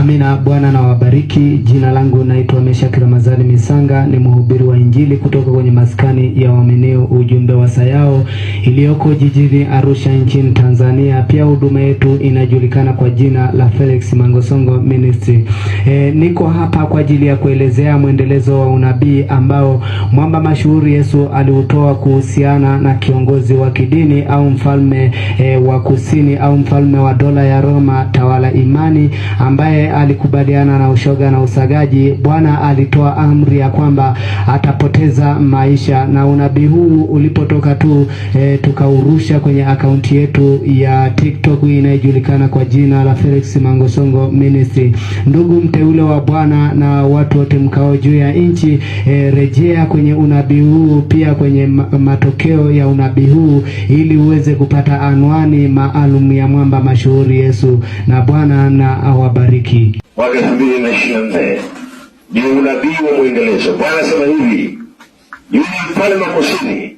Amina. Bwana na wabariki. Jina langu naitwa Meshak Ramazani Misanga, ni mhubiri wa Injili kutoka kwenye maskani ya waaminio ujumbe wa Sayao iliyoko jijini Arusha nchini Tanzania. Pia huduma yetu inajulikana kwa jina la Felix Mangosongo Ministry. E, niko hapa kwa ajili ya kuelezea mwendelezo wa unabii ambao mwamba mashuhuri Yesu aliutoa kuhusiana na kiongozi wa kidini au mfalme e, wa kusini au mfalme wa dola ya Roma tawala imani ambaye alikubaliana na ushoga na usagaji, Bwana alitoa amri ya kwamba atapoteza maisha, na unabii huu ulipotoka tu e, tukaurusha kwenye akaunti yetu ya TikTok inayojulikana kwa jina la Felix Mangosongo Ministry. Ndugu mteule wa Bwana na watu wote mkao juu ya nchi, e, rejea kwenye unabii huu pia kwenye matokeo ya unabii huu ili uweze kupata anwani maalum ya mwamba mashuhuri Yesu, na Bwana na awabariki hii. Mwaka elfu mbili na ishirini na nne ni unabii wa mwendelezo. Bwana anasema hivi, yule mfalme wa kusini,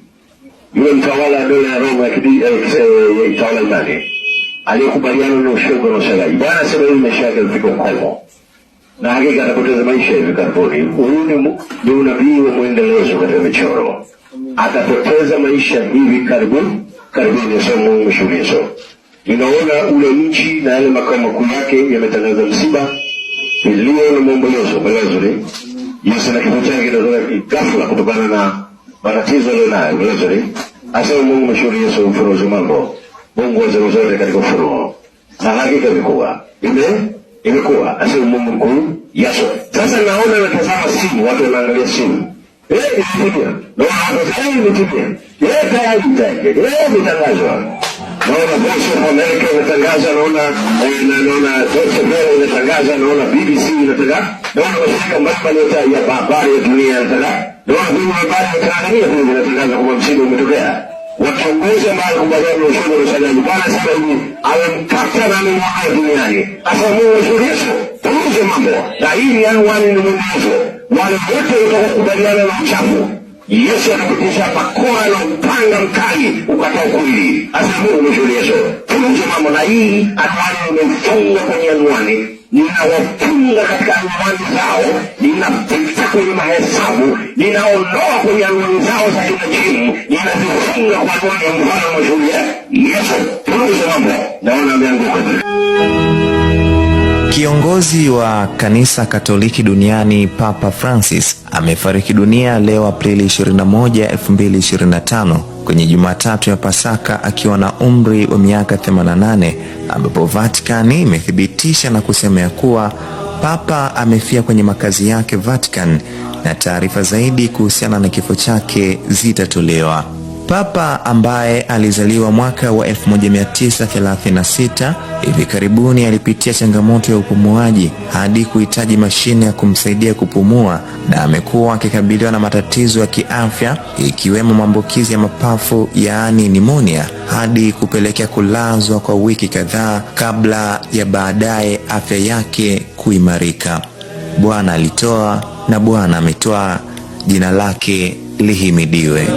yule mtawala wa dola ya Roma ya itawala eh, eh, imani aliyekubaliana na ushoga na usagaji. Bwana anasema hivi, maisha yake alifika ukomo na hakika atapoteza maisha hivi karibuni. Huyu ni unabii wa mwendelezo katika michoro, atapoteza maisha hivi karibuni karibuni. Sasa Mungu shughulizo Ninaona ule mji na yale makao makuu yake yametangaza msiba, iliyo na maombolezo Brazil. Yesu na kifo chake kinaweza ghafla kutokana na matatizo aliyonayo Brazil. Asema Mungu mshauri Yesu mfunuo mambo. Mungu wa zero zote katika ufunuo. Na hakika imekuwa. Ime imekuwa asema Mungu mkuu Yesu. Sasa naona natazama simu, watu wanaangalia simu. Eh, ni imetimia. Naona hapo tayari imetimia. Eh, tayari tayari. Eh, imetangazwa naona Voice of America inatangaza, naona eh, naona Deutsche Welle inatangaza, naona BBC inatangaza, naona mashirika mbalimbali ya habari ya dunia yanatangaza, naona vyombo vya habari ya Tanzania pia vinatangaza kwamba mshindi umetokea. Wakiongozi ambao kubaliana ushindi wa Sadani bwana sasa hivi amemkata na amemwaga duniani. Sasa Mungu Yesu tuuze mambo na hii ni anwani ni mwanzo wale wote watakubaliana na uchafu Yesu atakutisha pakora na upanga mkali ukatao kweli. Sasa Mungu hii atari nimefunga kwenye anwani, ninawafunga katika anwani zao, ninapita kwenye mahesabu, ninaondoa kwenye anwani zao za kimajimu, ninazifunga kwa anwani ya mfano mashuhulia Yesu. Tunakuza mambo naona ameanguka Kiongozi wa kanisa Katoliki duniani Papa Francis amefariki dunia leo Aprili 21, 2025 kwenye Jumatatu ya Pasaka akiwa na umri wa miaka 88, ambapo Vatican imethibitisha na kusema ya kuwa Papa amefia kwenye makazi yake Vatican, na taarifa zaidi kuhusiana na kifo chake zitatolewa. Papa ambaye alizaliwa mwaka wa 1936 hivi karibuni alipitia changamoto ya upumuaji hadi kuhitaji mashine ya kumsaidia kupumua na amekuwa akikabiliwa na matatizo ya kiafya ikiwemo maambukizi ya mapafu yaani nimonia, hadi kupelekea kulazwa kwa wiki kadhaa kabla ya baadaye afya yake kuimarika. Bwana alitoa na Bwana ametwaa jina lake lihimidiwe.